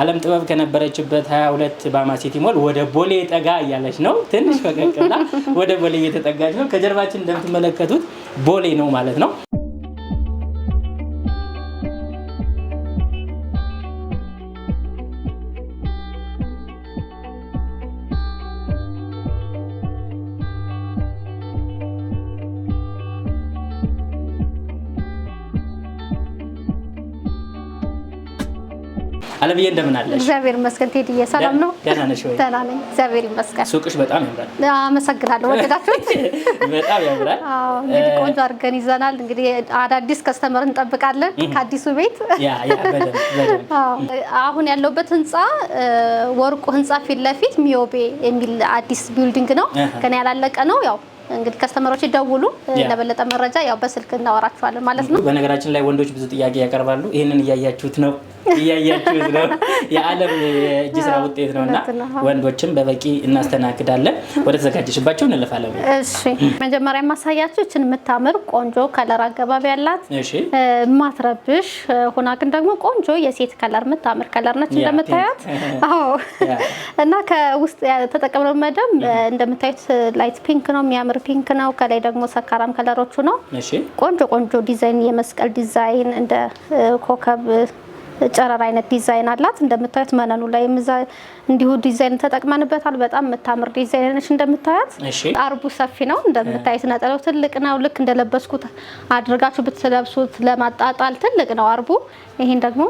አለም ጥበብ ከነበረችበት 22 ባማ ሲቲ ሞል ወደ ቦሌ ጠጋ እያለች ነው። ትንሽ ፈቀቅ ብላ ወደ ቦሌ እየተጠጋች ነው። ከጀርባችን እንደምትመለከቱት ቦሌ ነው ማለት ነው። አለምዬ እንደምን አለሽ? እግዚአብሔር ይመስገን። ቴዲዬ ሰላም ነው? ደህና ነሽ ወይ? ደህና ነኝ፣ እግዚአብሔር ይመስገን። ሱቅሽ በጣም ያምራል። አመሰግናለሁ። ወደዳችሁት? በጣም ያምራል። አዎ፣ እንግዲህ ቆንጆ አድርገን ይዘናል። እንግዲህ አዳዲስ ከስተመር እንጠብቃለን ከአዲሱ ቤት። አሁን ያለውበት ህንፃ ወርቁ ህንፃ ፊት ለፊት ሚዮቤ የሚል አዲስ ቢልዲንግ ነው፣ ገና ያላለቀ ነው። ያው እንግዲህ ከስተመሮች ደውሉ። ለበለጠ መረጃ ያው በስልክ እናወራችኋለን ማለት ነው። በነገራችን ላይ ወንዶች ብዙ ጥያቄ ያቀርባሉ። ይህንን እያያችሁት ነው እያያችሁት ነው። የዓለም የእጅ ስራ ውጤት ነው እና ወንዶችን በበቂ እናስተናግዳለን። ወደ ተዘጋጀሽባቸው እንለፋለን። እሺ፣ መጀመሪያ የማሳያችሁ ይችን የምታምር ቆንጆ ከለር አገባቢ ያላት ማትረብሽ ሁና ግን ደግሞ ቆንጆ የሴት ከለር የምታምር ከለር ነች እንደምታያት። አዎ። እና ከውስጥ ተጠቀምነው መደም እንደምታዩት ላይት ፒንክ ነው፣ የሚያምር ፒንክ ነው። ከላይ ደግሞ ሰካራም ከለሮቹ ነው። ቆንጆ ቆንጆ ዲዛይን፣ የመስቀል ዲዛይን እንደ ኮከብ ጨረር አይነት ዲዛይን አላት። እንደምታዩት መነኑ ላይ እንዲሁ ዲዛይን ተጠቅመንበታል። በጣም የምታምር ዲዛይን ነች። እንደምታያት አርቡ ሰፊ ነው። እንደምታዩት ነጠለው ትልቅ ነው። ልክ እንደለበስኩት አድርጋችሁ ብትለብሱት ለማጣጣል ትልቅ ነው አርቡ። ይሄን ደግሞ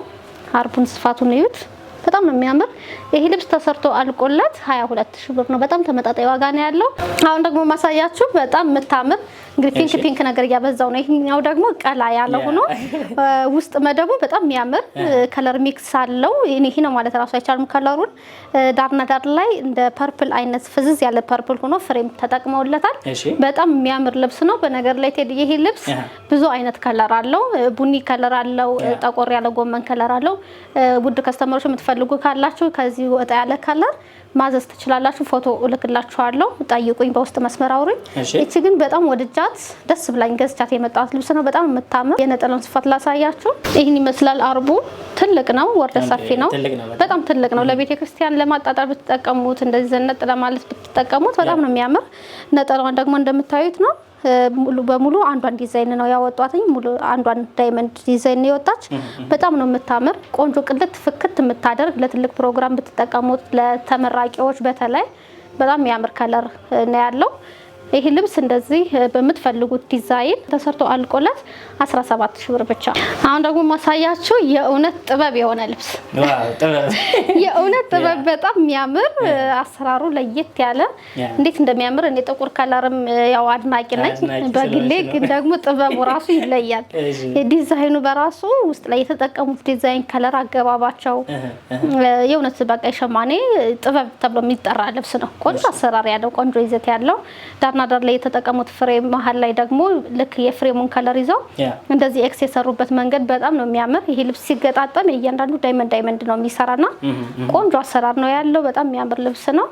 አርቡን ስፋቱን እዩት። በጣም ነው የሚያምር። ይሄ ልብስ ተሰርቶ አልቆለት 22 ሺህ ብር ነው። በጣም ተመጣጣኝ ዋጋ ነው ያለው። አሁን ደግሞ ማሳያችሁ በጣም የምታምር እንግዲህ ፒንክ ፒንክ ነገር እያበዛው ነው። ይሄኛው ደግሞ ቀላ ያለ ሆኖ ውስጥ መደቡ በጣም የሚያምር ከለር ሚክስ አለው። ይሄ ነው ማለት ራሱ አይቻልም። ከለሩን ዳርና ዳር ላይ እንደ ፐርፕል አይነት ፍዝዝ ያለ ፐርፕል ሆኖ ፍሬም ተጠቅመውለታል። በጣም የሚያምር ልብስ ነው። በነገር ላይ ቴዲ ይሄ ልብስ ብዙ አይነት ከለር አለው። ቡኒ ከለር አለው፣ ጠቆር ያለ ጎመን ከለር አለው። ውድ ከስተመሮች የምትፈልጉ ካላችሁ ከዚህ ወጣ ያለ ከለር ማዘዝ ትችላላችሁ። ፎቶ እልክላችኋለሁ። ጠይቁኝ፣ በውስጥ መስመር አውሩኝ። እቺ ግን በጣም ወድጃት ደስ ብላኝ ገዝቻት የመጣት ልብስ ነው። በጣም የምታምር የነጠለውን ስፋት ላሳያችሁ። ይህን ይመስላል። አርቡ ትልቅ ነው፣ ወርደ ሰፊ ነው፣ በጣም ትልቅ ነው። ለቤተ ክርስቲያን ለማጣጣር ብትጠቀሙት፣ እንደዚህ ዘነጥ ለማለት ብትጠቀሙት በጣም ነው የሚያምር። ነጠላዋን ደግሞ እንደምታዩት ነው ሙሉ በሙሉ አንዷን ዲዛይን ነው ያወጧትኝ። ሙሉ አንዷን ዳይመንድ ዲዛይን ነው የወጣች። በጣም ነው የምታምር ቆንጆ ቅልት ፍክት የምታደርግ ለትልቅ ፕሮግራም ብትጠቀሙት ለተመራቂዎች በተለይ በጣም የሚያምር ከለር ነው ያለው። ይህ ልብስ እንደዚህ በምትፈልጉት ዲዛይን ተሰርቶ አልቆላት 17 ብር ብቻ። አሁን ደግሞ ማሳያችሁ የእውነት ጥበብ የሆነ ልብስ የእውነት ጥበብ በጣም የሚያምር አሰራሩ ለየት ያለ እንዴት እንደሚያምር እኔ ጥቁር ከለርም ያው አድናቂ ነኝ በግሌ ግን ደግሞ ጥበቡ ራሱ ይለያል። ዲዛይኑ በራሱ ውስጥ ላይ የተጠቀሙት ዲዛይን ከለር አገባባቸው የእውነት በቃ የሸማኔ ጥበብ ተብሎ የሚጠራ ልብስ ነው። ቆንጆ አሰራር ያለው ቆንጆ ይዘት ያለው ዳና ቁርጥና ዳር ላይ የተጠቀሙት ፍሬም መሀል ላይ ደግሞ ልክ የፍሬሙን ከለር ይዘው እንደዚህ ኤክስ የሰሩበት መንገድ በጣም ነው የሚያምር። ይሄ ልብስ ሲገጣጠም እያንዳንዱ ዳይመንድ ዳይመንድ ነው የሚሰራና ቆንጆ አሰራር ነው ያለው። በጣም የሚያምር ልብስ ነው።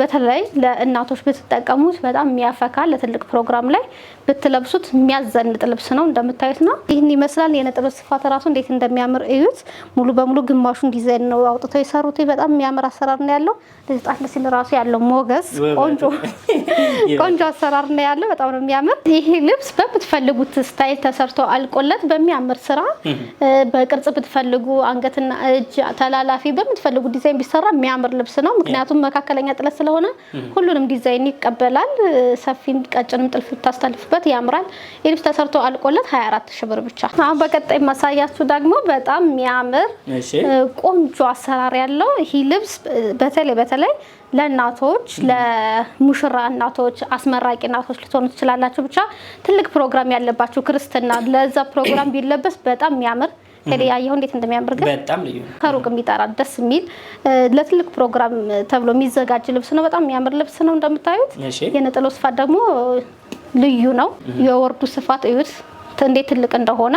በተለይ ለእናቶች ብትጠቀሙት በጣም የሚያፈካ ለትልቅ ፕሮግራም ላይ ብትለብሱት የሚያዘንጥ ልብስ ነው። እንደምታዩት ነው። ይህን ይመስላል። የነጥብ ስፋት ራሱ እንዴት እንደሚያምር እዩት። ሙሉ በሙሉ ግማሹን ዲዛይን ነው አውጥተው የሰሩት። በጣም የሚያምር አሰራር ነው ያለው። ለዚጣት ሲል ራሱ ያለው ሞገስ ቆንጆ ቆንጆ አሰራር ነው ያለው። በጣም ነው የሚያምር። ይህ ልብስ በምትፈልጉት ስታይል ተሰርቶ አልቆለት በሚያምር ስራ በቅርጽ ብትፈልጉ አንገትና እጅ ተላላፊ በምትፈልጉ ዲዛይን ቢሰራ የሚያምር ልብስ ነው። ምክንያቱም መካከለኛ ጥለት ስለሆነ ሁሉንም ዲዛይን ይቀበላል። ሰፊን ቀጭንም ጥልፍ ታስተልፍበት ያምራል። ኤልብስ ተሰርቶ አልቆለት 24 ሺ ብር ብቻ። አሁን በቀጣይ ማሳያችሁ ደግሞ በጣም የሚያምር ቆንጆ አሰራር ያለው ይህ ልብስ በተለይ በተለይ ለእናቶች ለሙሽራ እናቶች አስመራቂ እናቶች ልትሆኑ ትችላላችሁ። ብቻ ትልቅ ፕሮግራም ያለባችሁ ክርስትና፣ ለዛ ፕሮግራም ቢለበስ በጣም የሚያምር ሄደህ ያየኸው እንዴት እንደሚያምር ግን በጣም ልዩ ነው። ከሩቅ የሚጠራ ደስ የሚል ለትልቅ ፕሮግራም ተብሎ የሚዘጋጅ ልብስ ነው። በጣም የሚያምር ልብስ ነው። እንደምታዩት የነጠላው ስፋት ደግሞ ልዩ ነው። የወርዱ ስፋት እዩት እንዴት ትልቅ እንደሆነ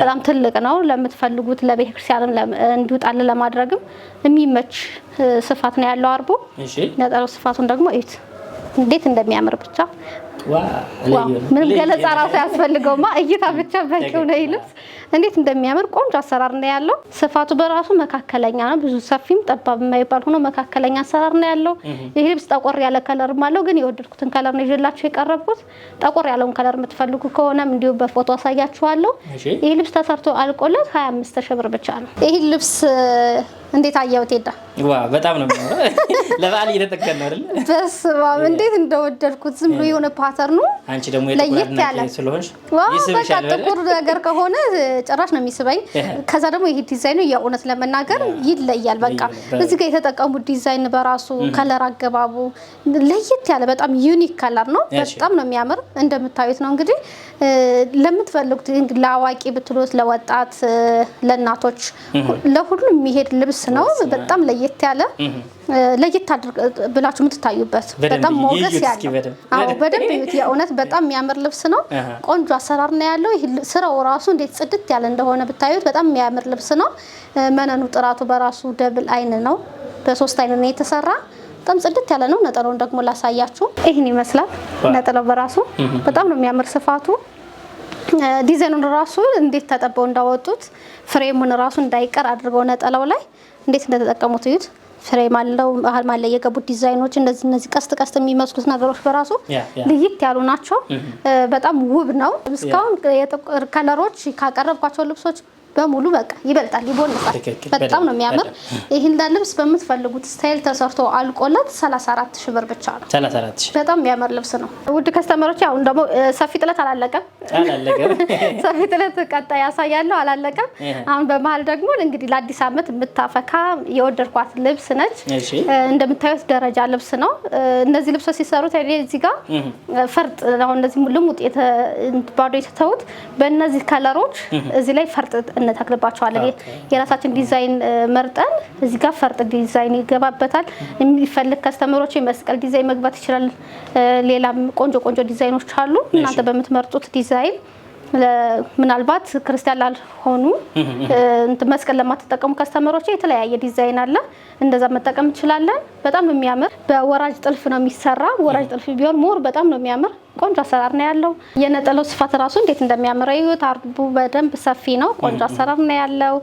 በጣም ትልቅ ነው። ለምትፈልጉት ክርስቲያንም እንዲውጣል ለማድረግም የሚመች ስፋት ነው ያለው አርቦ ነጠላው ስፋቱን ደግሞ እዩት እንዴት እንደሚያምር ብቻ ምንም ገለጻ ራሱ ያስፈልገውማ እይታ ብቻ በቂው ነው። ይልብስ እንዴት እንደሚያምር ቆንጆ አሰራር ነው ያለው። ስፋቱ በራሱ መካከለኛ ነው፣ ብዙ ሰፊም ጠባብ የማይባል ሆኖ መካከለኛ አሰራር ነው ያለው። ይህ ልብስ ጠቆር ያለ ከለርም አለው፣ ግን የወደድኩትን ከለር ነው ይዤላችሁ የቀረብኩት። ጠቆር ያለውን ከለር የምትፈልጉ ከሆነም እንዲሁ በፎቶ አሳያችኋለሁ። ይህ ልብስ ተሰርቶ አልቆለት 25 ሺህ ብር ብቻ ነው። ይህ ልብስ እንዴት አየሁት ሄዳ ዋ በጣም ነው ለበዓል እየተጠቀም ነው አይደል? በስመ አብ እንዴት እንደወደድኩት ዝም ብሎ የሆነ ፓተር ነው። አንቺ ደግሞ ለየት ያለ ስለሆንሽ በቃ ጥቁር ነገር ከሆነ ጭራሽ ነው የሚስበኝ። ከዛ ደግሞ ይሄ ዲዛይኑ የእውነት ለመናገር ይለያል። በቃ እዚህ ጋር የተጠቀሙት ዲዛይን በራሱ ከለር አገባቡ ለየት ያለ በጣም ዩኒክ ከለር ነው። በጣም ነው የሚያምር። እንደምታዩት ነው እንግዲህ ለምትፈልጉት ለአዋቂ ብትሉት፣ ለወጣት፣ ለእናቶች፣ ለሁሉም የሚሄድ ልብስ ነው። በጣም ለየት ያለ ለየት ብላችሁ የምትታዩበት በጣም ሞገስ ያለው በደንብ የምታዩት የእውነት በጣም የሚያምር ልብስ ነው። ቆንጆ አሰራር ነው ያለው። ስራው ራሱ እንዴት ጽድት ያለ እንደሆነ ብታዩት በጣም የሚያምር ልብስ ነው። መነኑ ጥራቱ በራሱ ደብል አይን ነው፣ በሶስት አይን ነው የተሰራ በጣም ጽድት ያለ ነው። ነጠላውን ደግሞ ላሳያችሁ። ይህን ይመስላል ነጠላው በራሱ በጣም ነው የሚያምር ስፋቱ ዲዛይኑን ራሱ እንዴት ተጠበው እንዳወጡት ፍሬሙን ራሱ እንዳይቀር አድርገው ነጠላው ላይ እንዴት እንደተጠቀሙት እዩት። ፍሬም አለው ባህል ማለ የገቡት ዲዛይኖች እንደዚህ እነዚህ ቀስት ቀስት የሚመስሉት ነገሮች በራሱ ልይት ያሉ ናቸው። በጣም ውብ ነው። እስካሁን የጥቁር ከለሮች ካቀረብኳቸው ልብሶች በሙሉ በቃ ይበልጣል፣ ይቦንሳል። በጣም ነው የሚያምር። ይህን ልብስ በምትፈልጉት ስታይል ተሰርቶ አልቆለት 34 ሺህ ብር ብቻ ነው። በጣም የሚያምር ልብስ ነው። ውድ ከስተመሮች፣ አሁን ደግሞ ሰፊ ጥለት አላለቀም፣ ሰፊ ጥለት ቀጣይ ያሳያለሁ። አላለቀም። አሁን በመሀል ደግሞ እንግዲህ ለአዲስ አመት የምታፈካ የወደድኳት ልብስ ነች። እንደምታዩት ደረጃ ልብስ ነው። እነዚህ ልብሶች ሲሰሩት እዚህ ጋር ፈርጥ ነው፣ እነዚህ ልሙጥ ባዶ የተተውት በእነዚህ ከለሮች እዚህ ላይ ፈርጥ እንተክልባቸዋለን። የራሳችን ዲዛይን መርጠን እዚህ ጋር ፈርጥ ዲዛይን ይገባበታል። የሚፈልግ ከስተመሮች የመስቀል ዲዛይን መግባት ይችላል። ሌላም ቆንጆ ቆንጆ ዲዛይኖች አሉ። እናንተ በምትመርጡት ዲዛይን ምናልባት ክርስቲያን ላልሆኑ መስቀል ለማትጠቀሙ ከስተመሮች የተለያየ ዲዛይን አለ። እንደዛ መጠቀም እንችላለን። በጣም የሚያምር በወራጅ ጥልፍ ነው የሚሰራ። ወራጅ ጥልፍ ቢሆን ሞር በጣም ነው የሚያምር። ቆንጆ አሰራር ነው ያለው። የነጠለው ስፋት ራሱ እንዴት እንደሚያምር እዩት። አርቡ በደንብ ሰፊ ነው። ቆንጆ አሰራር ነው ያለው።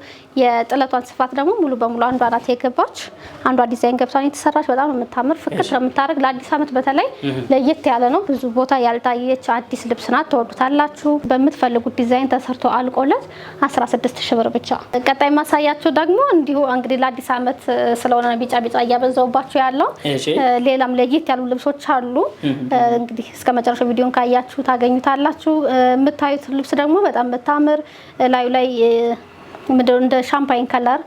የጥለቷን ስፋት ደግሞ ሙሉ በሙሉ አንዷ ናት የገባች፣ አንዷ ዲዛይን ገብቷን የተሰራች በጣም የምታምር ፍክት ነው የምታደርግ። ለአዲስ ዓመት በተለይ ለየት ያለ ነው። ብዙ ቦታ ያልታየች አዲስ ልብስ ናት። ተወዱታላችሁ። በምትፈልጉት ዲዛይን ተሰርቶ አልቆለት 16 ሺ ብር ብቻ። ቀጣይ ማሳያችሁ ደግሞ እንዲሁ እንግዲህ ለአዲስ ዓመት ስለሆነ ቢጫ ቢጫ እያበዛውባችሁ ያለው ሌላም ለየት ያሉ ልብሶች አሉ እንግዲህ እስከ መጨረሻ አጭር ቪዲዮን ካያችሁ ታገኙታላችሁ። የምታዩት ልብስ ደግሞ በጣም በታምር ላዩ ላይ እንደ ሻምፓይን ከለር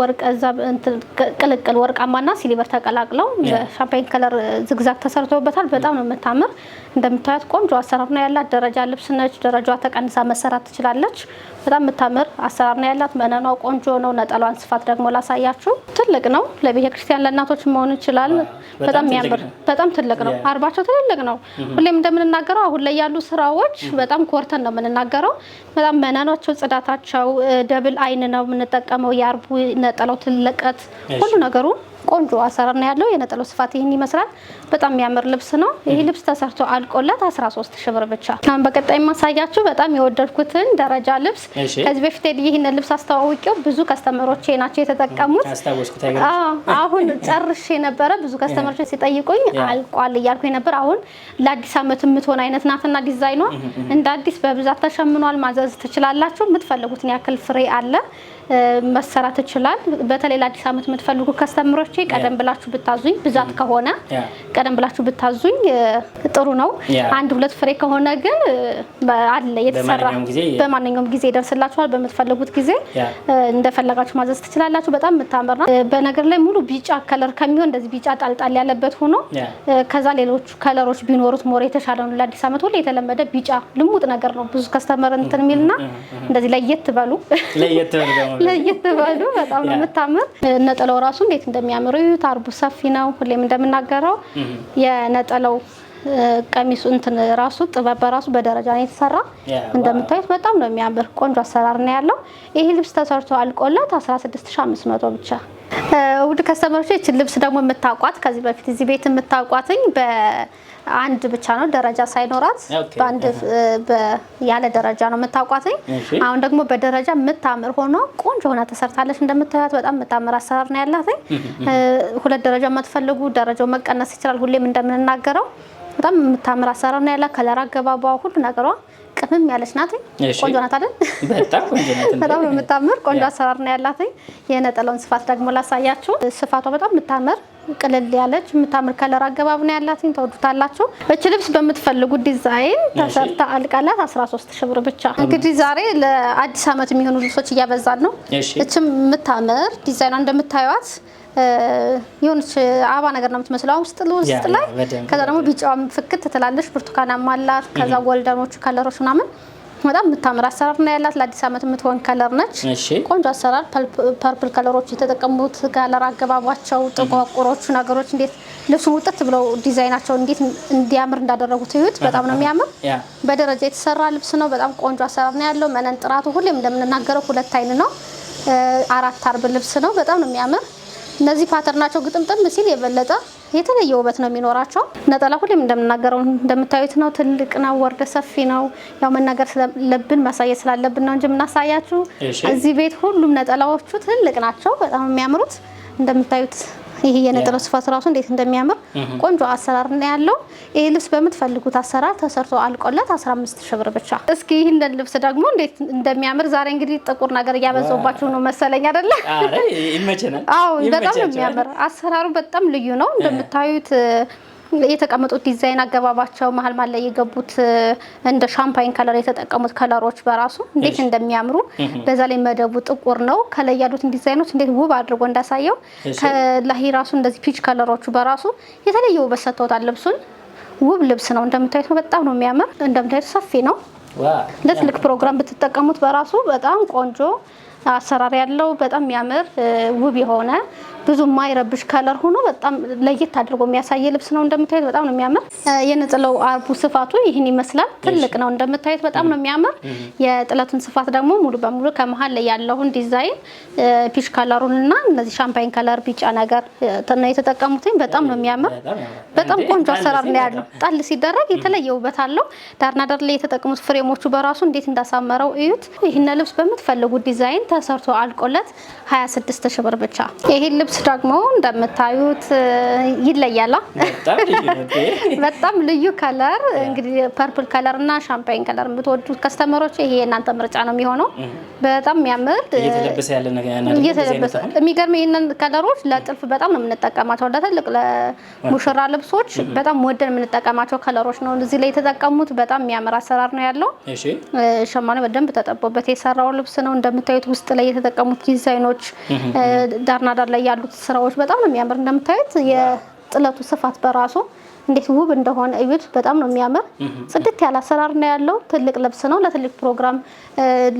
ወርቅ እዛ ቅልቅል ወርቃማና ሲሊቨር ተቀላቅለው ሻምፓይን ከለር ዝግዛግ ተሰርቶበታል። በጣም ነው የምታምር። እንደምታያት ቆንጆ አሰራር ነው ያላት። ደረጃ ልብስ ነች። ደረጃዋ ተቀንሳ መሰራት ትችላለች። በጣም የምታምር አሰራር ነው ያላት። መነኗ ቆንጆ ነው። ነጠሏን ስፋት ደግሞ ላሳያችሁ። ትልቅ ነው። ለቤተ ክርስቲያን ለእናቶች መሆን ይችላል። በጣም የሚያምር በጣም ትልቅ ነው። አርባቸው ትልቅ ነው። ሁሌም እንደምንናገረው አሁን ላይ ያሉ ስራዎች በጣም ኮርተን ነው የምንናገረው። በጣም መነኗቸው፣ ጽዳታቸው ደብል አይን ነው የምንጠቀመው። የአርቡ ነጠላው ትልቀት ሁሉ ነገሩ ቆንጆ አሰራር ነው ያለው። የነጠላው ስፋት ይህን ይመስላል። በጣም የሚያምር ልብስ ነው። ይህ ልብስ ተሰርቶ አልቆለት 13 ሺህ ብር ብቻ። አሁን በቀጣይ ማሳያችሁ በጣም የወደድኩትን ደረጃ ልብስ ከዚህ በፊት ይህንን ልብስ አስተዋውቂው ብዙ ከስተመሮቼ ናቸው የተጠቀሙት። አሁን ጨርሼ ነበረ። ብዙ ከስተመሮች ሲጠይቁኝ አልቋል እያልኩኝ ነበር። አሁን ለአዲስ አመት የምትሆን አይነት ናትና ዲዛይኗ እንደ አዲስ በብዛት ተሸምኗል። ማዘዝ ትችላላችሁ። የምትፈልጉትን ያክል ፍሬ አለ መሰራት ይችላል። በተለይ ለአዲስ አመት የምትፈልጉ ከስተምሮች ቀደም ብላችሁ ብታዙኝ ብዛት ከሆነ ቀደም ብላችሁ ብታዙኝ ጥሩ ነው። አንድ ሁለት ፍሬ ከሆነ ግን አለ የተሰራ በማንኛውም ጊዜ ይደርስላችኋል። በምትፈልጉት ጊዜ እንደፈለጋችሁ ማዘዝ ትችላላችሁ። በጣም የምታምር ነው። በነገር ላይ ሙሉ ቢጫ ከለር ከሚሆን እንደዚህ ቢጫ ጣልጣል ያለበት ሆኖ ከዛ ሌሎቹ ከለሮች ቢኖሩት ሞር የተሻለ ነው። ለአዲስ አመት ሁሌ የተለመደ ቢጫ ልሙጥ ነገር ነው። ብዙ ከስተመር እንትን የሚልና እንደዚህ ለየት በሉ ለየት በሉ ለየት ለየተባሉ በጣም ነው የምታምር። ነጠላው ራሱ እንዴት እንደሚያምር እዩት። አርቡ ሰፊ ነው። ሁሌም እንደምናገረው የነጠላው ቀሚሱ እንትን ራሱ ጥበብ በራሱ በደረጃ ነው የተሰራ። እንደምታዩት በጣም ነው የሚያምር ቆንጆ አሰራር ነው ያለው። ይህ ልብስ ተሰርቶ አልቆለት 16500 ብቻ። ውድ ከስተመሮች ይችን ልብስ ደግሞ የምታውቋት ከዚህ በፊት እዚህ ቤት የምታውቋትኝ አንድ ብቻ ነው ደረጃ ሳይኖራት በአንድ ያለ ደረጃ ነው የምታውቋትኝ። አሁን ደግሞ በደረጃ የምታምር ሆኖ ቆንጆ ሆና ተሰርታለች። እንደምታያት በጣም የምታምር አሰራር ነው ያላትኝ። ሁለት ደረጃ የማትፈልጉ ደረጃው መቀነስ ይችላል፣ ሁሌም እንደምንናገረው በጣም የምታምር አሰራር ነው ያላት። ከለር አገባቧ፣ ሁሉ ነገሯ ቅምም ያለች ናት። ቆንጆ ናት አይደል? በጣም የምታምር ቆንጆ አሰራር ነው ያላትኝ። የነጠላውን ስፋት ደግሞ ላሳያችሁ። ስፋቷ በጣም የምታምር ቅልል ያለች የምታምር ከለር አገባብ ነው ያላትኝ። ተወዱታላችሁ። በች ልብስ በምትፈልጉት ዲዛይን ተሰርታ አልቃላት 13 ሽብር ብር ብቻ። እንግዲህ ዛሬ ለአዲስ ዓመት የሚሆኑ ልብሶች እያበዛን ነው። እችም የምታምር ዲዛይኗ እንደምታዩት የሆነች አበባ ነገር ነው የምትመስለው ውስጥ ውስጥ ላይ ከዛ ደግሞ ቢጫዋ ፍክት ትላለች፣ ብርቱካናማ አላት። ከዛ ወልደኖቹ ከለሮች ምናምን በጣም የምታምር አሰራር ነው ያላት። ለአዲስ ዓመት የምትሆን ከለር ነች። ቆንጆ አሰራር ፐርፕል ከለሮች የተጠቀሙት ከለር አገባቧቸው፣ ጥቋቁሮቹ ነገሮች እንዴት ልብሱ ውጥት ብለው ዲዛይናቸው እንዴት እንዲያምር እንዳደረጉት እዩት። በጣም ነው የሚያምር። በደረጃ የተሰራ ልብስ ነው። በጣም ቆንጆ አሰራር ነው ያለው። መነን ጥራቱ ሁሌም እንደምንናገረው ሁለት አይን ነው። አራት አርብ ልብስ ነው። በጣም ነው የሚያምር። እነዚህ ፓተርናቸው ግጥምጥም ሲል የበለጠ የተለየ ውበት ነው የሚኖራቸው። ነጠላ ሁሌም እንደምናገረው እንደምታዩት ነው። ትልቅ ነው፣ ወርደ ሰፊ ነው። ያው መናገር ስለለብን ማሳየት ስላለብን ነው እንጂ የምናሳያችሁ እዚህ ቤት ሁሉም ነጠላዎቹ ትልቅ ናቸው፣ በጣም የሚያምሩት እንደምታዩት ይሄ የነጥብ ስፋት ራሱ እንዴት እንደሚያምር ቆንጆ አሰራር ነው ያለው። ይሄ ልብስ በምትፈልጉት አሰራር ተሰርቶ አልቆለት 15 ሺህ ብር ብቻ። እስኪ ይህንን ልብስ ደግሞ እንዴት እንደሚያምር ዛሬ እንግዲህ ጥቁር ነገር እያበዛውባችሁ ነው መሰለኝ አይደለ? አዎ በጣም ነው የሚያምር። አሰራሩ በጣም ልዩ ነው እንደምታዩት የተቀመጡት ዲዛይን አገባባቸው መሀል ማለ የገቡት እንደ ሻምፓይን ከለር የተጠቀሙት ከለሮች በራሱ እንዴት እንደሚያምሩ በዛ ላይ መደቡ ጥቁር ነው። ከላይ ያሉትን ዲዛይኖች እንዴት ውብ አድርጎ እንዳሳየው ከላይ ራሱ እንደዚህ ፒች ከለሮቹ በራሱ የተለየ ውበት ሰጥተውታል ልብሱን። ውብ ልብስ ነው እንደምታዩት ነው። በጣም ነው የሚያምር እንደምታዩት ሰፊ ነው። ለትልቅ ፕሮግራም ብትጠቀሙት በራሱ በጣም ቆንጆ አሰራር ያለው በጣም የሚያምር ውብ የሆነ ብዙ ማይረብሽ ከለር ሆኖ በጣም ለየት አድርጎ የሚያሳየ ልብስ ነው። እንደምታዩት በጣም ነው የሚያምር። የነጥለው አርቡ ስፋቱ ይህን ይመስላል። ትልቅ ነው እንደምታዩት በጣም ነው የሚያምር። የጥለቱን ስፋት ደግሞ ሙሉ በሙሉ ከመሀል ላይ ያለውን ዲዛይን ፒሽ ከለሩን እና እነዚህ ሻምፓይን ከለር ቢጫ ነገር ነው የተጠቀሙትኝ። በጣም ነው የሚያምር። በጣም ቆንጆ አሰራር ነው ያለው። ጣል ሲደረግ የተለየ ውበት አለው። ዳርና ዳር ላይ የተጠቀሙት ፍሬሞቹ በራሱ እንዴት እንዳሳመረው እዩት። ይህን ልብስ በምትፈልጉት ዲዛይን ተሰርቶ አልቆለት 26 ሺህ ብር ብቻ። ይሄን ልብስ ደግሞ እንደምታዩት ይለያላ። በጣም ልዩ ከለር እንግዲህ ፐርፕል ከለር እና ሻምፓኝ ከለር የምትወዱ ከስተመሮች ይሄ የእናንተ ምርጫ ነው የሚሆነው። በጣም የሚያምር እየተለበሰ የሚገርም ይህንን ከለሮች ለጥልፍ በጣም ነው የምንጠቀማቸው። ለትልቅ ለሙሽራ ልብሶች በጣም ወደን የምንጠቀማቸው ከለሮች ነው እዚህ ላይ የተጠቀሙት። በጣም የሚያምር አሰራር ነው ያለው። ሸማኔ በደንብ ተጠቦበት የሰራው ልብስ ነው እንደምታዩት ውስጥ ውስጥ ላይ የተጠቀሙት ዲዛይኖች፣ ዳርና ዳር ላይ ያሉት ስራዎች በጣም ነው የሚያምር። እንደምታዩት የጥለቱ ስፋት በራሱ እንዴት ውብ እንደሆነ እዩት። በጣም ነው የሚያምር። ጽድት ያለ አሰራር ነው ያለው። ትልቅ ልብስ ነው ለትልቅ ፕሮግራም፣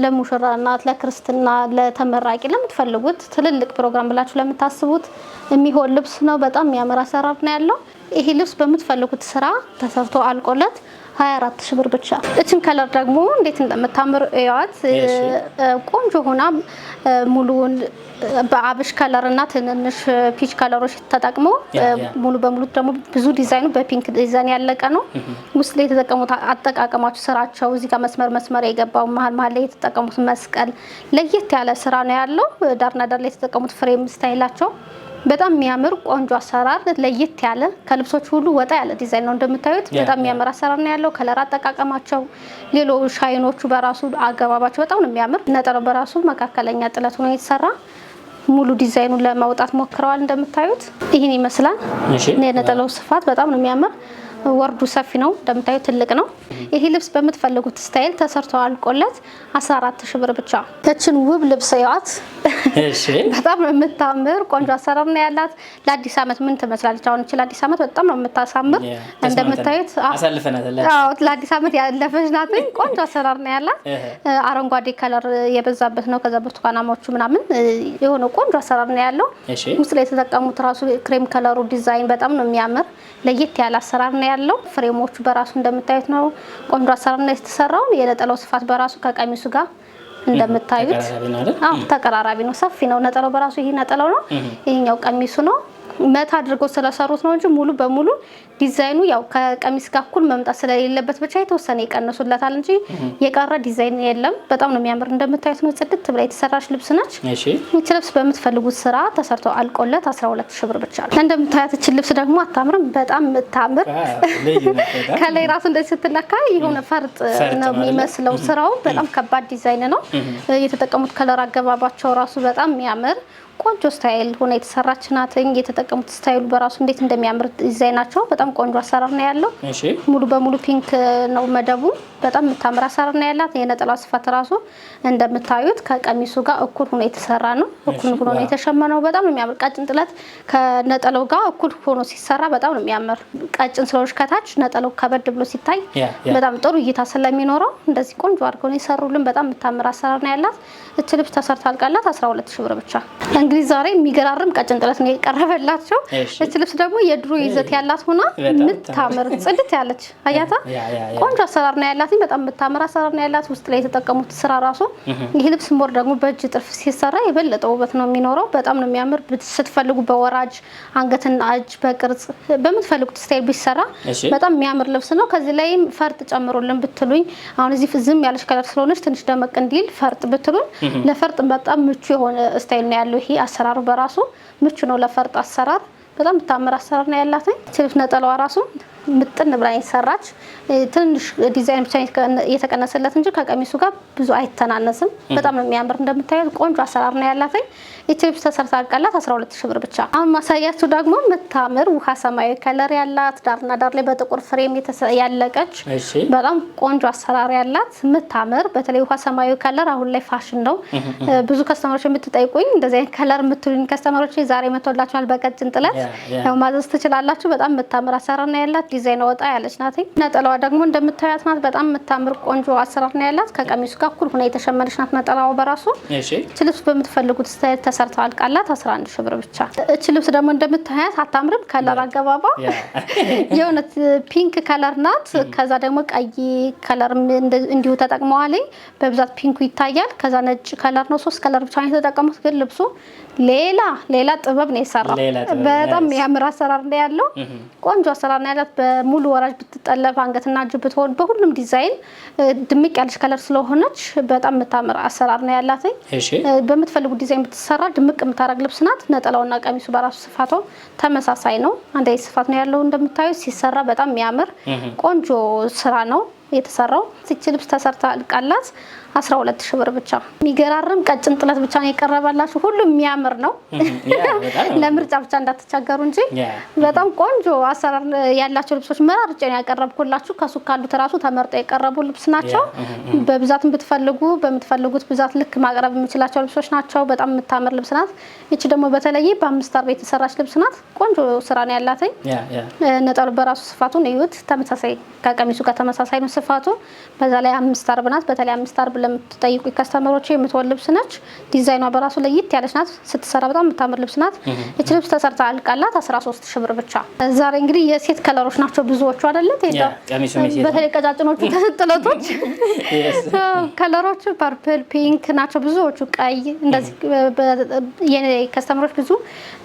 ለሙሽራናት፣ ለክርስትና፣ ለተመራቂ፣ ለምትፈልጉት ትልልቅ ፕሮግራም ብላችሁ ለምታስቡት የሚሆን ልብስ ነው። በጣም የሚያምር አሰራር ነው ያለው። ይሄ ልብስ በምትፈልጉት ስራ ተሰርቶ አልቆለት 24 ሺህ ብር ብቻ። እችን ከለር ደግሞ እንዴት እንደምታምር እያት። ቆንጆ ሆና ሙሉውን በአብሽ ከለር እና ትንንሽ ፒች ከለሮች ተጠቅሞ ሙሉ በሙሉ ደግሞ ብዙ ዲዛይኑ በፒንክ ዲዛይን ያለቀ ነው። ውስጥ ላይ የተጠቀሙት አጠቃቀማቸው ስራቸው እዚህ ጋር መስመር መስመር የገባው መሀል መሀል ላይ የተጠቀሙት መስቀል ለየት ያለ ስራ ነው ያለው። ዳርና ዳር ላይ የተጠቀሙት ፍሬም ስታይላቸው በጣም የሚያምር ቆንጆ አሰራር ለየት ያለ ከልብሶች ሁሉ ወጣ ያለ ዲዛይን ነው። እንደምታዩት በጣም የሚያምር አሰራር ነው ያለው። ከለር አጠቃቀማቸው፣ ሌሎ ሻይኖቹ በራሱ አገባባቸው በጣም ነው የሚያምር። ነጠላው በራሱ መካከለኛ ጥለት ነው የተሰራ ሙሉ ዲዛይኑን ለማውጣት ሞክረዋል። እንደምታዩት ይህን ይመስላል። የነጠላው ስፋት በጣም ነው የሚያምር። ወርዱ ሰፊ ነው፣ እንደምታዩ ትልቅ ነው። ይህ ልብስ በምትፈልጉት ስታይል ተሰርቶ አልቆለት 14 ሺህ ብር ብቻ። እችን ውብ ልብስ ያዋት፣ በጣም የምታምር ቆንጆ አሰራር ነው ያላት። ለአዲስ ዓመት ምን ትመስላለች? አሁን ይችል አዲስ አመት በጣም ነው የምታሳምር። እንደምታዩት ለአዲስ አመት ያለፈች ናት። ቆንጆ አሰራር ነው ያላት። አረንጓዴ ከለር የበዛበት ነው። ከዛ ብርቱካናማዎቹ ምናምን የሆነ ቆንጆ አሰራር ነው ያለው። ውስጥ ላይ የተጠቀሙት ራሱ ክሬም ከለሩ ዲዛይን በጣም ነው የሚያምር። ለየት ያለ አሰራር ነው ያለው። ፍሬሞቹ በራሱ እንደምታዩት ነው። ቆንጆ አሰራር ነው የተሰራው። የነጠላው ስፋት በራሱ ከቀሚሱ ጋር እንደምታዩት አዎ ተቀራራቢ ነው፣ ሰፊ ነው። ነጠላው በራሱ ይሄ ነጠላው ነው፣ ይሄኛው ቀሚሱ ነው። መታ አድርገው ስለሰሩት ነው እንጂ ሙሉ በሙሉ ዲዛይኑ ያው ከቀሚስ ጋር እኩል መምጣት ስለሌለበት ብቻ የተወሰነ ይቀንሱለታል እንጂ የቀረ ዲዛይን የለም። በጣም ነው የሚያምር። እንደምታዩት ነው፣ ጽድት ብላ የተሰራች ልብስ ነች። ይች ልብስ በምትፈልጉት ስራ ተሰርቶ አልቆለት 12 ሺህ ብር ብቻ ነው። እንደምታያት ልብስ ደግሞ አታምርም? በጣም የምታምር ከላይ ራሱ እንደዚህ ስትነካ የሆነ ፈርጥ ነው የሚመስለው። ስራው በጣም ከባድ ዲዛይን ነው። የተጠቀሙት ከለር አገባባቸው ራሱ በጣም የሚያምር ቆንጆ ስታይል ሆነ የተሰራች ናት። የተጠቀሙት ስታይሉ በራሱ እንዴት እንደሚያምር ዲዛይናቸው በጣም በጣም ቆንጆ አሰራር ነው ያለው። ሙሉ በሙሉ ፒንክ ነው መደቡ። በጣም የምታምር አሰራር ነው ያላት። የነጠላው ስፋት ራሱ እንደምታዩት ከቀሚሱ ጋር እኩል ሆኖ የተሰራ ነው። እኩል ሆኖ ነው የተሸመነው። በጣም የሚያምር ቀጭን ጥለት ከነጠላው ጋር እኩል ሆኖ ሲሰራ በጣም ነው የሚያምር። ቀጭን ስለሆነች ከታች ነጠላው ከበድ ብሎ ሲታይ በጣም ጥሩ እይታ ስለሚኖረው እንደዚህ ቆንጆ አድርገው ነው የሰሩልን። በጣም የምታምር አሰራር ነው ያላት። እች ልብስ ተሰርታ አልቃላት 12 ሺህ ብር ብቻ። እንግዲህ ዛሬ የሚገራርም ቀጭን ጥለት ነው የቀረበላቸው። እች ልብስ ደግሞ የድሮ ይዘት ያላት ሆና የምታምር ጽድት ያለች አያታ ቆንጆ አሰራር ነው ያላት። በጣም የምታምር አሰራር ነው ያላት። ውስጥ ላይ የተጠቀሙት ስራ ራሱ ይህ ልብስ ሞር ደግሞ በእጅ ጥልፍ ሲሰራ የበለጠ ውበት ነው የሚኖረው። በጣም ነው የሚያምር። ስትፈልጉ በወራጅ አንገትና እጅ በቅርጽ በምትፈልጉት ስታይል ቢሰራ በጣም የሚያምር ልብስ ነው። ከዚህ ላይም ፈርጥ ጨምሮልን ብትሉኝ አሁን እዚህ ዝም ያለች ከለር ስለሆነች ትንሽ ደመቅ እንዲል ፈርጥ ብትሉን ለፈርጥ በጣም ምቹ የሆነ ስታይል ነው ያለው። ይሄ አሰራሩ በራሱ ምቹ ነው ለፈርጥ አሰራር በጣም የምታምር አሰራር ነው ያላትኝ ትልፍ ነጠላዋ ራሱ ምጥን ብላ የተሰራች ትንሽ ዲዛይን ብቻ የተቀነሰለት እንጂ ከቀሚሱ ጋር ብዙ አይተናነስም። በጣም ነው የሚያምር። እንደምታዩት ቆንጆ አሰራር ነው ያላትኝ የቺፕስ ተሰርታ ቀላት 12 ሺህ ብር ብቻ። አሁን ማሳያችሁ ደግሞ የምታምር ውሃ ሰማያዊ ከለር ያላት ዳርና ዳር ላይ በጥቁር ፍሬም ያለቀች በጣም ቆንጆ አሰራር ያላት የምታምር በተለይ ውሃ ሰማያዊ ከለር አሁን ላይ ፋሽን ነው። ብዙ ከስተመሮች የምትጠይቁኝ እንደዚህ አይነት ከለር የምትሉኝ ከስተመሮች ዛሬ መቶላችኋል። በቀጭን ጥለት ያው ማዘዝ ትችላላችሁ። በጣም የምታምር አሰራር ነው ያላት። ዲዛይን ወጣ ያለች ናት። ነጠላዋ ደግሞ እንደምታያት ናት። በጣም የምታምር ቆንጆ አሰራር ነው ያላት። ከቀሚሱ ጋር እኩል ሁና የተሸመነች ናት። ነጠላዋ በራሱ ልብሱ በምትፈልጉት ስታይል ተሰርተዋል ቃላት 11 ሺህ ብር ብቻ። እች ልብስ ደግሞ እንደምታያት አታምርም? ከለር አገባባ የእውነት ፒንክ ከለር ናት። ከዛ ደግሞ ቀይ ከለር እንዲሁ ተጠቅመዋል። በብዛት ፒንኩ ይታያል። ከዛ ነጭ ከለር ነው። ሶስት ከለር ብቻ የተጠቀሙት። ግን ልብሱ ሌላ ሌላ ጥበብ ነው የሰራው። በጣም የሚያምር አሰራር ነው ያለው። ቆንጆ አሰራር ነው ያላት። በሙሉ ወራጅ ብትጠለፍ አንገትና እጅ ብትሆን በሁሉም ዲዛይን ድምቅ ያለች ከለር ስለሆነች በጣም የምታምር አሰራር ነው ያላት። በምትፈልጉ ዲዛይን ብትሰራ ጋር ድምቅ የምታደርግ ልብስ ናት። ነጠላውና ቀሚሱ በራሱ ስፋቷ ተመሳሳይ ነው። አንድ አይነት ስፋት ነው ያለው። እንደምታዩ ሲሰራ በጣም የሚያምር ቆንጆ ስራ ነው። የተሰራው ስቺ ልብስ ተሰርታ አልቃላት 12 ሺህ ብር ብቻ። የሚገራርም ቀጭን ጥለት ብቻ ነው የቀረበላችሁ። ሁሉም የሚያምር ነው። ለምርጫ ብቻ እንዳትቸገሩ እንጂ በጣም ቆንጆ አሰራር ያላቸው ልብሶች መራርጬ ነው ያቀረብኩላችሁ። ከሱ ካሉት ራሱ ተመርጠው የቀረቡ ልብስ ናቸው። በብዛት ብትፈልጉ በምትፈልጉት ብዛት ልክ ማቅረብ የምችላቸው ልብሶች ናቸው። በጣም የምታምር ልብስ ናት። ይቺ ደግሞ በተለይ በአምስት አርባ የተሰራች ልብስ ናት። ቆንጆ ስራ ነው ያላትኝ። ነጠሉ በራሱ ስፋቱን እዩት። ተመሳሳይ ከቀሚሱ ጋር ተመሳሳይ ነው ስፋቱ በዛ ላይ አምስት አርብ ናት። በተለይ አምስት አርብ ለምትጠይቁ ከስተመሮች የምትወል ልብስ ነች። ዲዛይኗ በራሱ ለየት ያለች ናት። ስትሰራ በጣም የምታምር ልብስ ናት። እች ልብስ ተሰርታ አልቃላት 13 ሺህ ብር ብቻ። ዛሬ እንግዲህ የሴት ከለሮች ናቸው ብዙዎቹ አይደለ? በተለይ ቀጫጭኖቹ ጥለቶች ከለሮቹ ፐርፕል፣ ፒንክ ናቸው ብዙዎቹ። ቀይ እንደዚህ ከስተመሮች ብዙ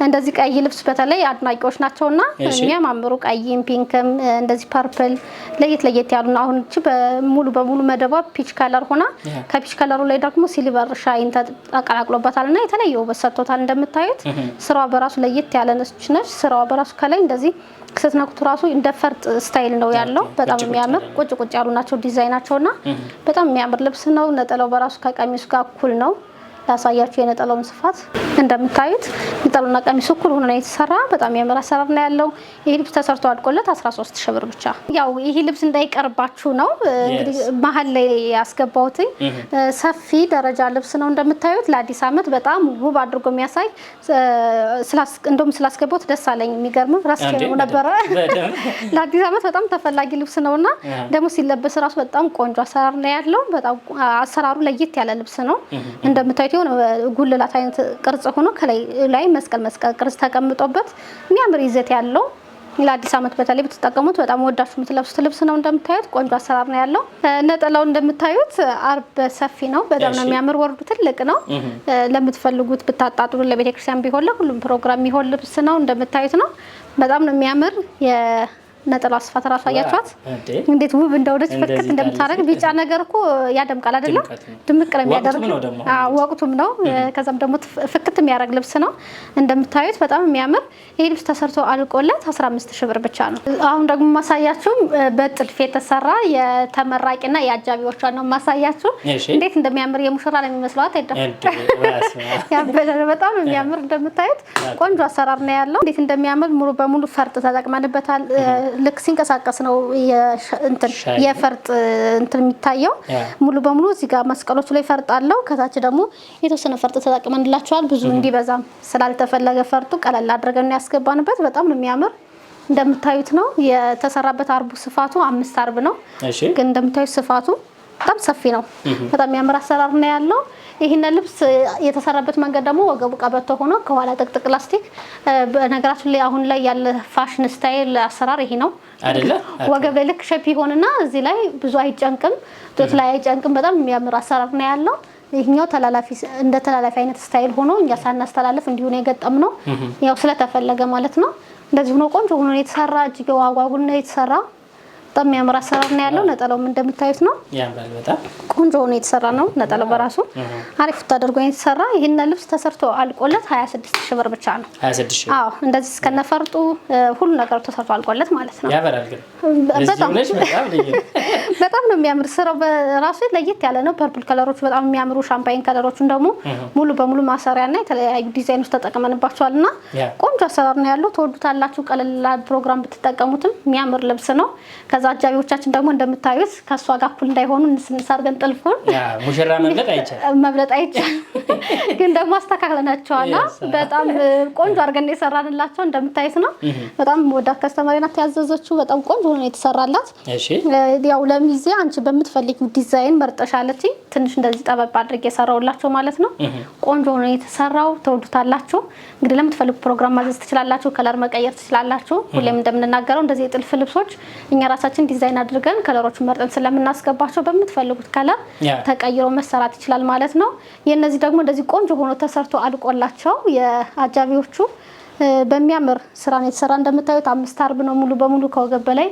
እንደዚህ ቀይ ልብስ በተለይ አድናቂዎች ናቸውና የሚያማምሩ ቀይም ፒንክም እንደዚህ ፐርፕል ለየት ለየት ያሉ አሁን ውጭ በሙሉ በሙሉ መደቧ ፒች ከለር ሆና ከፒች ከለሩ ላይ ደግሞ ሲልቨር ሻይን ተቀላቅሎበታል እና የተለየ ውበት ሰጥቶታል። እንደምታዩት ስራዋ በራሱ ለየት ያለ ነች ነች ስራዋ በራሱ ከላይ እንደዚህ ስትነኩቱ ራሱ እንደ ፈርጥ ስታይል ነው ያለው። በጣም የሚያምር ቁጭ ቁጭ ያሉ ናቸው ዲዛይናቸውና በጣም የሚያምር ልብስ ነው። ነጠላው በራሱ ከቀሚሱ ጋር እኩል ነው። ያሳያችሁ የነጠላውን ስፋት። እንደምታዩት ነጠላና ቀሚሱ እኩል ሆኖ ነው የተሰራ። በጣም የሚያምር አሰራር ነው ያለው። ይህ ልብስ ተሰርቶ አድቆለት 13 ሺህ ብር ብቻ። ያው ይህ ልብስ እንዳይቀርባችሁ ነው እንግዲህ መሀል ላይ ያስገባውት ሰፊ ደረጃ ልብስ ነው እንደምታዩት። ለአዲስ አመት በጣም ውብ አድርጎ የሚያሳይ እንደውም ስላስገባሁት ደስ አለኝ። የሚገርም ራስ ነበረ። ለአዲስ አመት በጣም ተፈላጊ ልብስ ነው እና ደግሞ ሲለበስ ራሱ በጣም ቆንጆ አሰራር ነው ያለው። በጣም አሰራሩ ለየት ያለ ልብስ ነው እንደምታዩት የሆነ ጉልላት አይነት ቅርጽ ሆኖ ከላይ ላይ መስቀል መስቀል ቅርጽ ተቀምጦበት የሚያምር ይዘት ያለው ለአዲስ ዓመት በተለይ ብትጠቀሙት በጣም ወዳችሁ የምትለብሱት ልብስ ነው። እንደምታዩት ቆንጆ አሰራር ነው ያለው። ነጠላው እንደምታዩት አርብ ሰፊ ነው፣ በጣም ነው የሚያምር። ወርዱ ትልቅ ነው። ለምትፈልጉት ብታጣጥሩ ለቤተክርስቲያን ቢሆን ለሁሉም ፕሮግራም የሚሆን ልብስ ነው። እንደምታዩት ነው፣ በጣም ነው የሚያምር ነጠላ ስፋት እራሱ አያችኋት እንዴት ውብ እንደሆነች ፍቅት እንደምታደርግ ቢጫ ነገር እኮ ያደምቃል አይደለ? ድምቅ ነው የሚያደርግ ወቅቱም ነው። ከዛም ደግሞ ፍክት የሚያደርግ ልብስ ነው እንደምታዩት በጣም የሚያምር ይህ ልብስ ተሰርቶ አልቆለት 15 ሺህ ብር ብቻ ነው። አሁን ደግሞ ማሳያችሁም በጥልፍ የተሰራ የተመራቂና የአጃቢዎቿ ነው ማሳያችሁ። እንዴት እንደሚያምር የሙሽራ ነው የሚመስለዋት አይደለም? በጣም የሚያምር እንደምታዩት ቆንጆ አሰራር ነው ያለው። እንዴት እንደሚያምር ሙሉ በሙሉ ፈርጥ ተጠቅመንበታል። ልክ ሲንቀሳቀስ ነው የፈርጥ እንትን የሚታየው ሙሉ በሙሉ እዚህ ጋር መስቀሎቹ ላይ ፈርጥ አለው። ከታች ደግሞ የተወሰነ ፈርጥ ተጠቅመንላቸዋል። ብዙ እንዲበዛም ስላልተፈለገ ፈርጡ ቀለል አድርገን ያስገባንበት በጣም ነው የሚያምር። እንደምታዩት ነው የተሰራበት። አርቡ ስፋቱ አምስት አርብ ነው፣ ግን እንደምታዩት ስፋቱ በጣም ሰፊ ነው። በጣም የሚያምር አሰራር ነው ያለው። ይህን ልብስ የተሰራበት መንገድ ደግሞ ወገቡ ቀበቶ ሆኖ ከኋላ ጥቅጥቅ ላስቲክ። በነገራችን ላይ አሁን ላይ ያለ ፋሽን ስታይል አሰራር ይሄ ነው አይደለ? ወገብ ላይ ልክ ሸፒ ይሆንና እዚህ ላይ ብዙ አይጨንቅም፣ ጡት ላይ አይጨንቅም። በጣም የሚያምር አሰራር ነው ያለው። ይህኛው ተላላፊ እንደ ተላላፊ አይነት ስታይል ሆኖ እኛ ሳናስተላለፍ እንዲሆን የገጠም ነው ያው ስለተፈለገ ማለት ነው። እንደዚህ ሆኖ ቆንጆ ሆኖ የተሰራ እጅጌ ዋጓጉን ነው የተሰራ በጣም የሚያምር አሰራር ነው ያለው። ነጠላውም እንደምታዩት ነው፣ ቆንጆ ሆኖ የተሰራ ነው። ነጠላው በራሱ አሪፍ ተደርጎ የተሰራ ይህን ልብስ ተሰርቶ አልቆለት 26 ሺህ ብር ብቻ ነው። አዎ እንደዚህ እስከነፈርጡ ሁሉ ነገሩ ተሰርቶ አልቆለት ማለት ነው። በጣም ነው የሚያምር ስራው በራሱ ለየት ያለ ነው። ፐርፕል ከለሮቹ በጣም የሚያምሩ ሻምፓይን ከለሮቹን ደግሞ ሙሉ በሙሉ ማሰሪያና የተለያዩ ዲዛይኖች ተጠቅመንባቸዋል እና ቆንጆ አሰራር ነው ያለው። ተወዱታላችሁ። ቀለላ ፕሮግራም ብትጠቀሙትም የሚያምር ልብስ ነው። ከዛ አጃቢዎቻችን ደግሞ እንደምታዩት ከእሷ ጋር እኩል እንዳይሆኑ እንስንሰርገን ጥልፉን ሙሽራ መብለጥ አይቻልም፣ መብለጥ አይቻልም። ግን ደግሞ አስተካክለናቸዋና uh-huh. በጣም ቆንጆ አድርገን የሰራንላቸው እንደምታዩት ነው። በጣም ወደ ከስተማሪ ናት ያዘዘችው። በጣም ቆንጆ ሆነ የተሰራላት። ያው ለሚዜ አንቺ በምትፈልጊው ዲዛይን መርጠሻለች። ትንሽ እንደዚህ ጠበብ አድርግ የሰራውላቸው ማለት ነው። ቆንጆ ሆኖ የተሰራው ተወዱታላችሁ። እንግዲህ ለምትፈልጉ ፕሮግራም ማዘዝ ትችላላችሁ። ከለር መቀየር ትችላላችሁ። ሁሌም እንደምንናገረው እንደዚህ የጥልፍ ልብሶች እኛ ራሳችን ራሳችን ዲዛይን አድርገን ከለሮቹን መርጠን ስለምናስገባቸው በምትፈልጉት ከለር ተቀይሮ መሰራት ይችላል ማለት ነው። የእነዚህ ደግሞ እንደዚህ ቆንጆ ሆኖ ተሰርቶ አልቆላቸው የአጃቢዎቹ በሚያምር ስራ ነው የተሰራ። እንደምታዩት አምስት አርብ ነው ሙሉ በሙሉ ከወገብ በላይ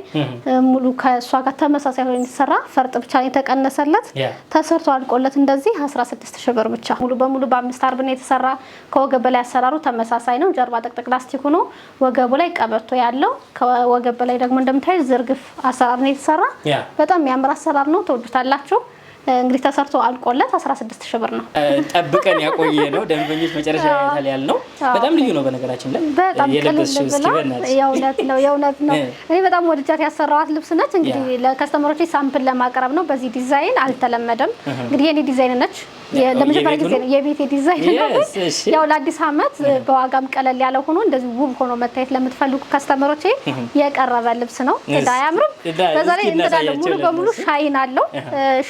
ሙሉ ከእሷ ጋር ተመሳሳይ ሆኖ የተሰራ ፈርጥ ብቻ ነው የተቀነሰለት ተሰርቶ አልቆለት እንደዚህ 16 ሺህ ብር ብቻ ሙሉ በሙሉ በአምስት አርብ ነው የተሰራ። ከወገብ በላይ አሰራሩ ተመሳሳይ ነው። ጀርባ ጥቅጥቅ ላስቲክ ሆኖ ወገቡ ላይ ቀበቶ ያለው ከወገብ በላይ ደግሞ እንደምታዩት ዝርግፍ አሰራር ነው የተሰራ። በጣም የሚያምር አሰራር ነው። ትወዱታላችሁ። እንግዲህ ተሰርቶ አልቆለት 16 ሺህ ብር ነው። ጠብቀን ያቆየ ነው ደንበኞች መጨረሻ ያታል ያል ነው። በጣም ልዩ ነው በነገራችን ላይ በጣም የእውነት ነው የእውነት ነው። እኔ በጣም ወድጃት ያሰራዋት ልብስ ነች። እንግዲህ ለከስተመሮች ሳምፕል ለማቅረብ ነው። በዚህ ዲዛይን አልተለመደም። እንግዲህ የኔ ዲዛይን ነች። ለመጀመሪያ ጊዜ ነው ዲዛይን ያው ለአዲስ በዋጋም ቀለል ያለ ሆኖ እንደዚህ ውብ ሆኖ መታየት ለምትፈልጉ ከስተመሮቼ የቀረበ ልብስ ነው። አያምርም? በዛ ላይ ሙሉ በሙሉ ሻይን አለው።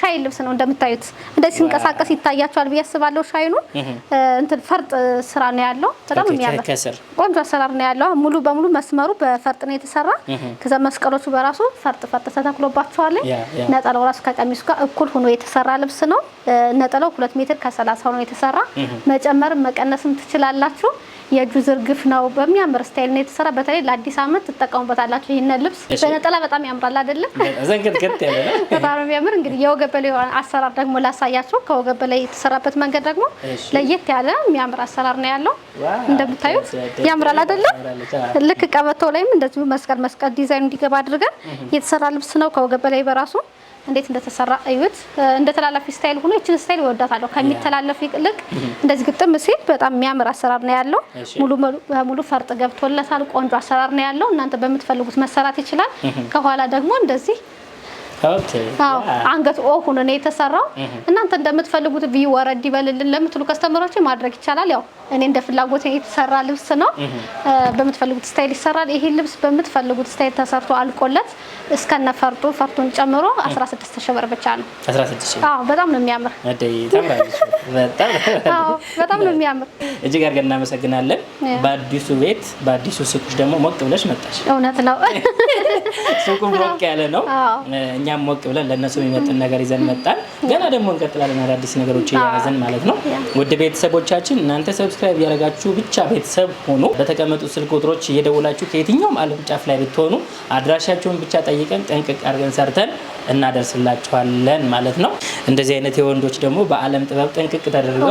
ሻይን ልብስ ነው እንደምታዩት፣ እንደዚህ ሲንቀሳቀስ ይታያቸዋል ብዬ አስባለሁ። ሻይኑ እንትን ፈርጥ ስራ ነው ያለው። በጣም የሚያምር ቆንጆ አሰራር ነው ያለው። ሙሉ በሙሉ መስመሩ በፈርጥ ነው የተሰራ። ከዛ መስቀሎቹ በራሱ ፈርጥ ፈርጥ ተተክሎባቸዋል። ነጠላው ራሱ ከቀሚሱ ጋር እኩል ሆኖ የተሰራ ልብስ ነው። ነጠላው ሁለት ሁለት ሜትር ከሰላሳ ነው የተሰራ። መጨመር መቀነስም ትችላላችሁ። የእጁ ዝርግፍ ነው። በሚያምር ስታይል ነው የተሰራ። በተለይ ለአዲስ ዓመት ትጠቀሙበታላችሁ። ይህን ልብስ በነጠላ በጣም ያምራል አይደለም? በጣም የሚያምር እንግዲህ የወገብ በላይ የሆነ አሰራር ደግሞ ላሳያችሁ። ከወገብ በላይ የተሰራበት መንገድ ደግሞ ለየት ያለ የሚያምር አሰራር ነው ያለው። እንደምታዩት ያምራል አይደለም? ልክ ቀበቶ ላይም እንደዚሁ መስቀል መስቀል ዲዛይኑ እንዲገባ አድርገን የተሰራ ልብስ ነው ከወገብ በላይ በራሱ እንዴት እንደተሰራ እዩት። እንደ ተላላፊ ስታይል ሆኖ እቺን ስታይል ወዳታለሁ። ከሚተላለፍ ይልቅ እንደዚህ ግጥም ሲል በጣም የሚያምር አሰራር ነው ያለው። ሙሉ ሙሉ ፈርጥ ገብቶለታል። ቆንጆ አሰራር ነው ያለው። እናንተ በምትፈልጉት መሰራት ይችላል። ከኋላ ደግሞ እንደዚህ አንገት ኦ ሆኖ ነው የተሰራው። እናንተ እንደምትፈልጉት ቪ ወረድ ይበልልን ለምትሉ ከስተመሮች ማድረግ ይቻላል። ያው እኔ እንደ ፍላጎት የተሰራ ልብስ ነው። በምትፈልጉት ስታይል ይሰራል። ይሄ ልብስ በምትፈልጉት ስታይል ተሰርቶ አልቆለት እስከነ ፈርጡ ፈርጡን ጨምሮ 16 ሺህ ብር ብቻ ነው። 16 አዎ፣ በጣም ነው የሚያምር። በጣም ነው የሚያምር። እጅግ አድርገን እናመሰግናለን። በአዲሱ ቤት በአዲሱ ሱቁሽ ደግሞ ሞቅ ብለሽ መጣሽ። እውነት ነው ሱቁ ሞቅ ያለ ነው። እኛም ሞቅ ብለን ለእነሱ የሚመጥን ነገር ይዘን መጣን። ገና ደግሞ እንቀጥላለን አዳዲስ ነገሮች እያያዘን ማለት ነው። ውድ ቤተሰቦቻችን እናንተ ሰብስክራይብ እያደረጋችሁ ብቻ ቤተሰብ ሆኑ። በተቀመጡ ስልክ ቁጥሮች እየደወላችሁ ከየትኛውም ዓለም ጫፍ ላይ ብትሆኑ አድራሻቸውን ብቻ ጠይቀን ጠንቅቅ አድርገን ሰርተን እናደርስላቸዋለን ማለት ነው። እንደዚህ አይነት የወንዶች ደግሞ በዓለም ጥበብ ጥንቅቅ ተደርገው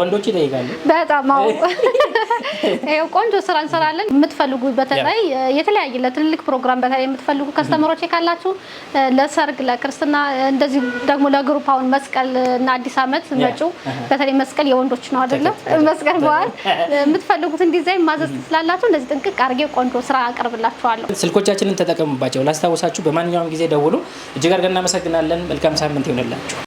ወንዶች ይጠይቃሉ። በጣም አዎ፣ ቆንጆ ስራ እንሰራለን። የምትፈልጉ በተለይ የተለያየ ለትልልቅ ፕሮግራም በተለይ የምትፈልጉ ከስተመሮች ካላችሁ ለሰርግ፣ ለክርስትና እንደዚህ ደግሞ ለግሩፕ አሁን መስቀል እና አዲስ ዓመት መጪው በተለይ መስቀል የወንዶች ነው አይደለም? መስቀል በዓል የምትፈልጉትን ዲዛይን ማዘዝ ስላላችሁ እንደዚህ ጥንቅቅ አድርጌ ቆንጆ ስራ አቀርብላችኋለሁ። ስልኮቻችንን ተጠቀሙባቸው። ላስታውሳችሁ፣ በማንኛውም ጊዜ ደውሉ። እጅግ አድርገን እናመሰግናለን። መልካም ሳምንት ይሆንላችሁ።